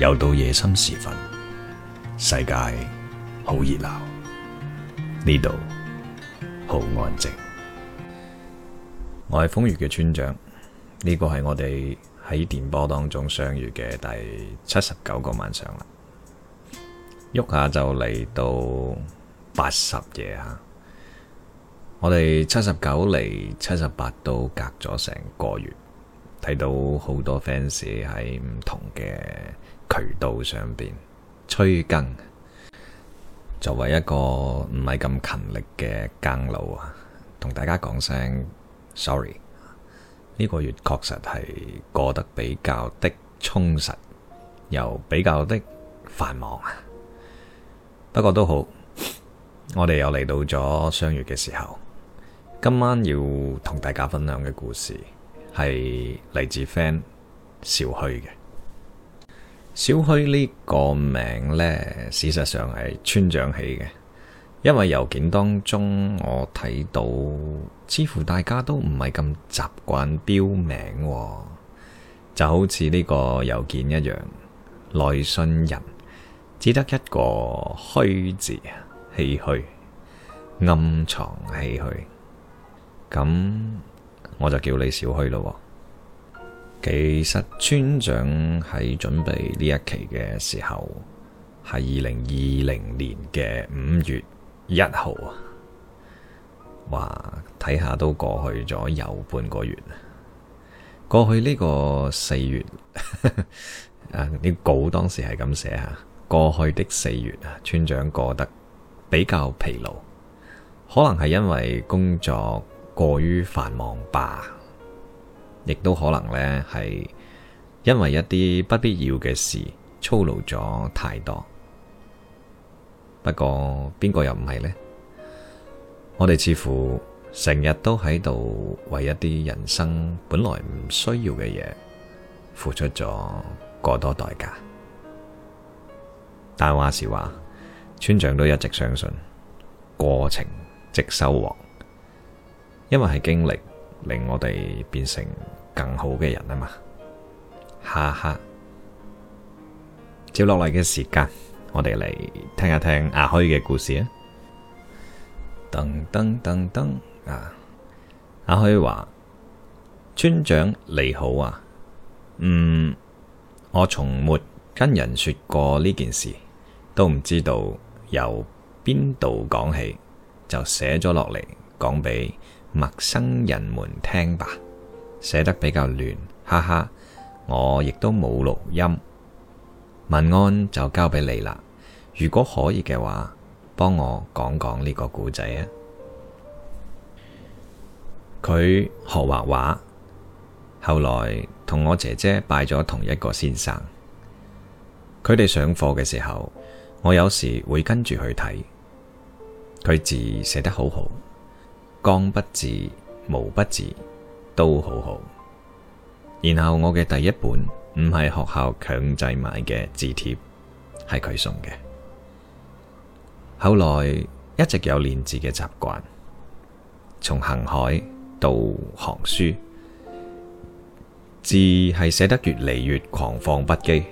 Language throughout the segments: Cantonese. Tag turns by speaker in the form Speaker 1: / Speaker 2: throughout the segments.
Speaker 1: 又到夜深時分，世界好熱鬧，呢度好安靜。我係瘋粵嘅村長，呢個係我哋喺電波當中相遇嘅第七十九個晚上啦，喐下就嚟到八十夜吓。我哋七十九嚟七十八度隔咗成個月，睇到好多 fans 喺唔同嘅。渠道上邊催更，作為一個唔係咁勤力嘅更佬啊，同大家講聲 sorry。呢個月確實係過得比較的充實，又比較的繁忙啊。不過都好，我哋又嚟到咗相約嘅時候，今晚要同大家分享嘅故事係嚟自 FAN 小虛嘅。小虛呢個名呢，事實上係村長起嘅，因為郵件當中我睇到，似乎大家都唔係咁習慣標名，就好似呢個郵件一樣，來信人只得一個虛字，唏噓，暗藏唏噓，咁我就叫你小虛咯。其實村長喺準備呢一期嘅時候，係二零二零年嘅五月一號啊，話睇下都過去咗有半個月。過去呢個四月，啊，啲稿當時係咁寫吓，過去的四月啊，村長過得比較疲勞，可能係因為工作過於繁忙吧。亦都可能呢，係因為一啲不必要嘅事操勞咗太多。不過邊個又唔係呢？我哋似乎成日都喺度為一啲人生本來唔需要嘅嘢付出咗過多代價。但話時話，村長都一直相信過程即收穫，因為係經歷。令我哋變成更好嘅人啊嘛，哈哈，接落嚟嘅時間，我哋嚟聽一聽阿虛嘅故事啊！噔噔噔噔，噔啊！阿虛話：村長你好啊，嗯，我從沒跟人說過呢件事，都唔知道由邊度講起，就寫咗落嚟講俾。講陌生人們聽吧，寫得比較亂，哈哈，我亦都冇錄音。文案就交俾你啦，如果可以嘅話，幫我講講呢個故仔啊。佢學畫畫，後來同我姐姐拜咗同一個先生。佢哋上課嘅時候，我有時會跟住去睇。佢字寫得好好。鋼筆字、毛筆字都好好。然後我嘅第一本唔係學校強制買嘅字帖，係佢送嘅。後來一直有練字嘅習慣，從行楷到行書，字係寫得越嚟越狂放不羈，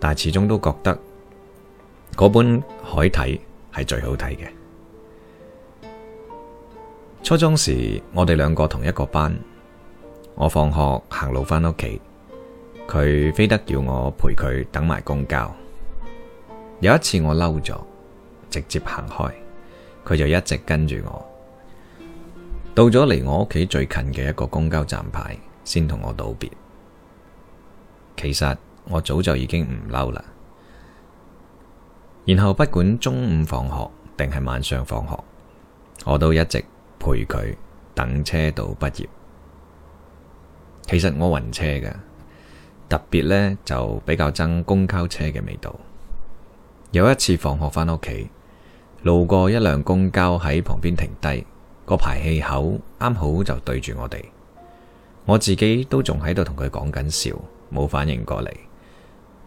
Speaker 1: 但始終都覺得嗰本楷體係最好睇嘅。初中時，我哋兩個同一個班。我放學行路翻屋企，佢非得叫我陪佢等埋公交。有一次我嬲咗，直接行開，佢就一直跟住我。到咗離我屋企最近嘅一個公交站牌，先同我道別。其實我早就已經唔嬲啦。然後不管中午放學定係晚上放學，我都一直。陪佢等車到畢業，其實我暈車嘅，特別呢就比較憎公交車嘅味道。有一次放學返屋企，路過一輛公交喺旁邊停低，個排氣口啱好就對住我哋，我自己都仲喺度同佢講緊笑，冇反應過嚟，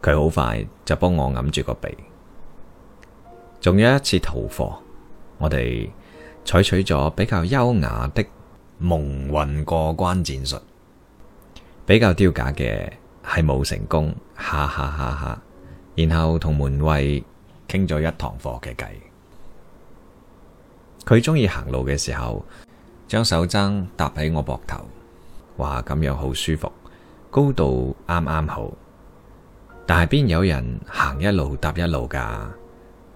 Speaker 1: 佢好快就幫我揞住個鼻。仲有一次逃課，我哋。採取咗比較優雅的蒙混過關戰術，比較丟架嘅係冇成功，哈哈哈哈，然後同門衛傾咗一堂課嘅偈。佢中意行路嘅時候，將手踭搭喺我膊頭，哇，咁樣好舒服，高度啱啱好。但係邊有人行一路搭一路噶？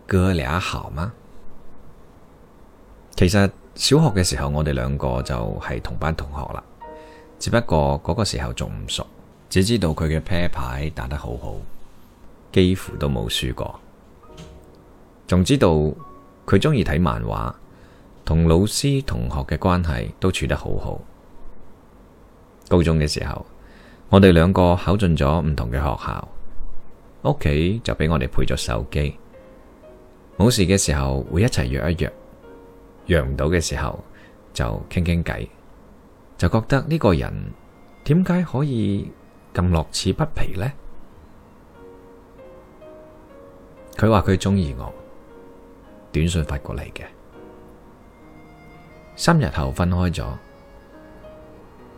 Speaker 1: 哥倆好嗎？其實小學嘅時候，我哋兩個就係同班同學啦。只不過嗰個時候仲唔熟，只知道佢嘅撲克牌打得好好，幾乎都冇輸過。仲知道佢中意睇漫畫，同老師、同學嘅關係都處得好好。高中嘅時候，我哋兩個考進咗唔同嘅學校，屋企就俾我哋配咗手機，冇事嘅時候會一齊約一約。約唔到嘅時候就傾傾偈，就覺得呢個人點解可以咁樂此不疲呢？佢話佢鍾意我，短信發過嚟嘅。三日後分開咗，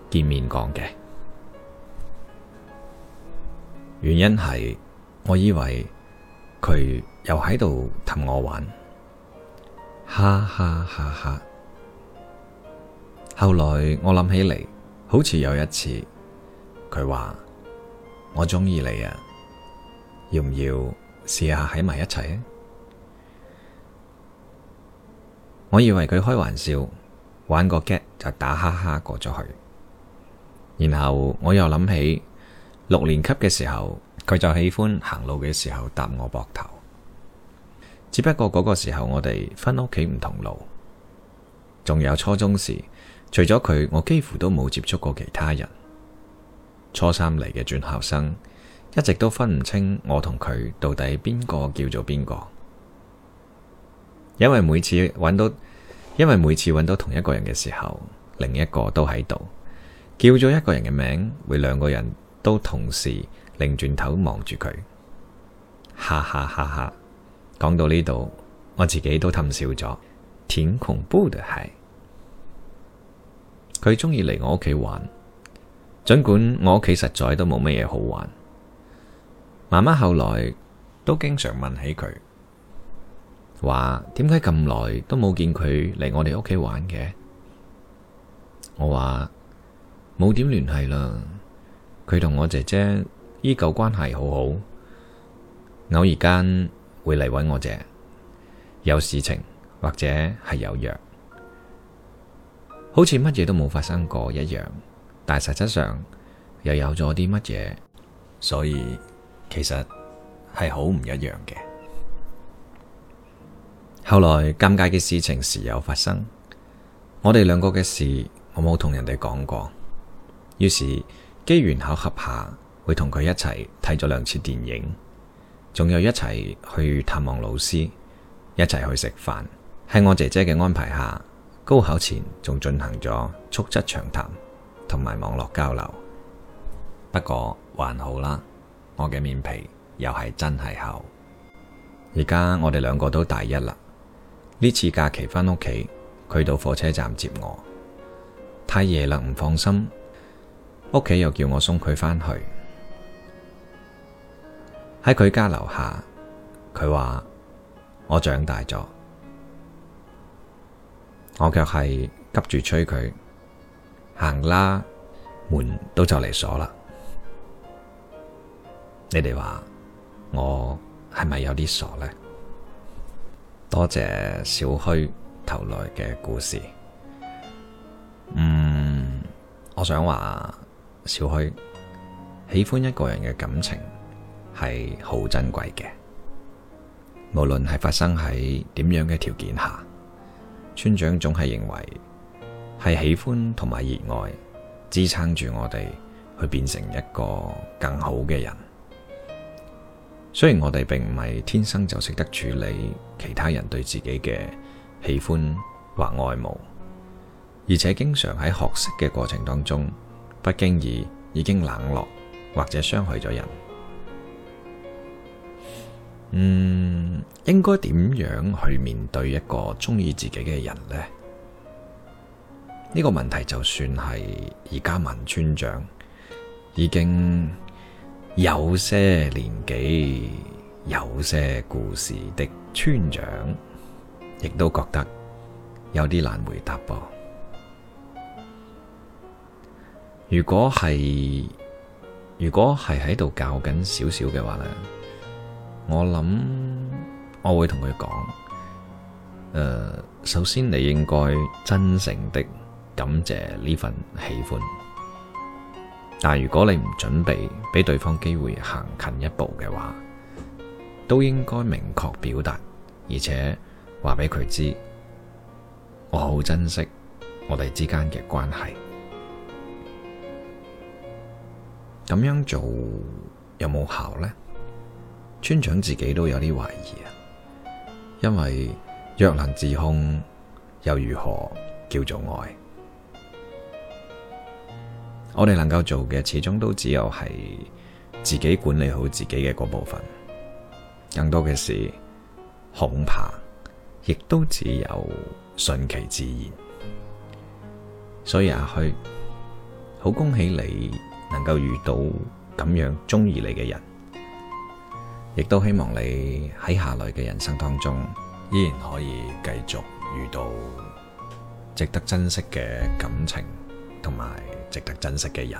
Speaker 1: 見面講嘅原因係，我以為佢又喺度氹我玩。哈哈哈哈，後來我諗起嚟，好似有一次，佢話我中意你啊，要唔要試下喺埋一齊？我以為佢開玩笑，玩個 get 就打哈哈過咗去。然後我又諗起六年級嘅時候，佢就喜歡行路嘅時候搭我膊頭。只不過嗰個時候我哋返屋企唔同路，仲有初中時，除咗佢，我幾乎都冇接觸過其他人。初三嚟嘅轉校生，一直都分唔清我同佢到底邊個叫做邊個，因為每次搵到，因為每次搵到同一個人嘅時候，另一個都喺度，叫咗一個人嘅名，會兩個人都同時擰轉頭望住佢，哈哈哈，哈！哈講到呢度，我自己都氹笑咗。挺恐怖的係，佢鍾意嚟我屋企玩，盡管我屋企實在都冇乜嘢好玩。媽媽後來都經常問起佢，話點解咁耐都冇見佢嚟我哋屋企玩嘅？我話冇點聯繫啦，佢同我姐姐依舊關係好好，偶爾間，會嚟搵我姐，有事情或者係有約，好似乜嘢都冇發生過一樣，但係實質上又有咗啲乜嘢，所以其實係好唔一樣嘅。後來尷尬嘅事情時有發生，我哋兩個嘅事我冇同人哋講過，於是機緣巧合下會同佢一齊睇咗兩次電影。仲有一齊去探望老師，一齊去食飯，喺我姐姐嘅安排下，高考前仲進行咗促膝長談同埋網絡交流。不過還好啦，我嘅面皮又係真係厚。而家我哋兩個都大一啦，呢次假期翻屋企，佢到火車站接我，太夜啦唔放心，屋企又叫我送佢翻去。喺佢家樓下，佢話我長大咗，我卻係急住催佢行啦，門都就嚟鎖啦。你哋話我係咪有啲傻咧？多謝小噓投來嘅故事。嗯，我想話小噓喜歡一個人嘅感情。係好珍貴嘅，無論係發生喺點樣嘅條件下，村長總係認為係喜歡同埋熱愛支撐住我哋去變成一個更好嘅人。雖然我哋並唔係天生就識得處理其他人對自己嘅喜歡或愛慕，而且經常喺學識嘅過程當中，不經意已經冷落或者傷害咗人。嗯，應該點樣去面對一個中意自己嘅人呢？呢個問題就算係而家問村長，已經有些年紀、有些故事的村長，亦都覺得有啲難回答噃。如果係如果係喺度教緊小小嘅話咧？我諗我會同佢講，誒、呃，首先你應該真誠的感謝呢份喜歡，但如果你唔準備俾對方機會行近一步嘅話，都應該明確表達，而且話俾佢知，我好珍惜我哋之間嘅關係。咁樣做有冇效呢？村長自己都有啲懷疑啊，因為若能自控，又如何叫做愛？我哋能夠做嘅，始終都只有係自己管理好自己嘅嗰部分，更多嘅事恐怕亦都只有順其自然。所以阿噓，好恭喜你能夠遇到咁樣中意你嘅人。亦都希望你喺下來嘅人生當中，依然可以繼續遇到值得珍惜嘅感情同埋值得珍惜嘅人。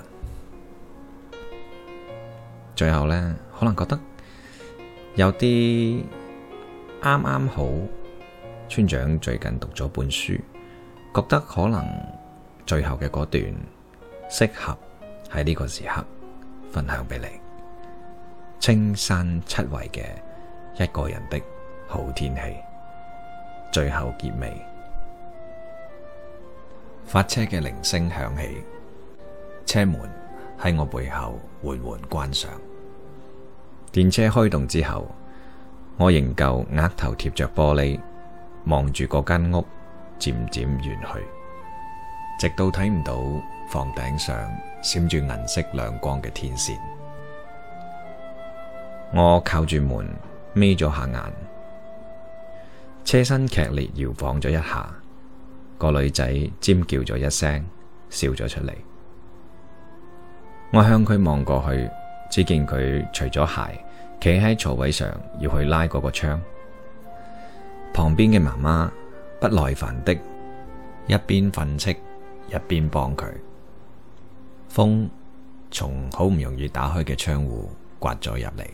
Speaker 1: 最後呢，可能覺得有啲啱啱好，村長最近讀咗本書，覺得可能最後嘅嗰段適合喺呢個時刻分享俾你。青山七惠嘅一個人的好天氣，最後結尾。發車嘅鈴聲響起，車門喺我背後緩緩關上。電車開動之後，我仍舊額頭貼着玻璃，望住嗰間屋漸漸遠去，直到睇唔到房頂上閃住銀色亮光嘅天線。我靠住門，眯咗下眼，車身劇烈搖晃咗一下，個女仔尖叫咗一聲，笑咗出嚟。我向佢望過去，只見佢除咗鞋，企喺座位上，要去拉嗰個窗。旁邊嘅媽媽不耐煩的，一邊訓斥，一邊幫佢。風從好唔容易打開嘅窗戶刮咗入嚟。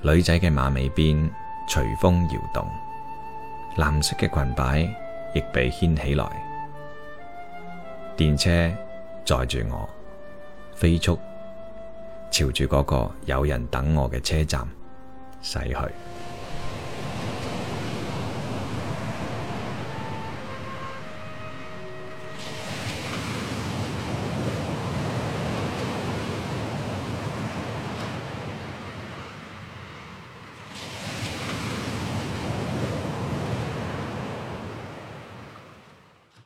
Speaker 1: 女仔嘅馬尾辮隨風搖動，藍色嘅裙擺亦被掀起來。電車載住我，飛速朝住嗰個有人等我嘅車站駛去。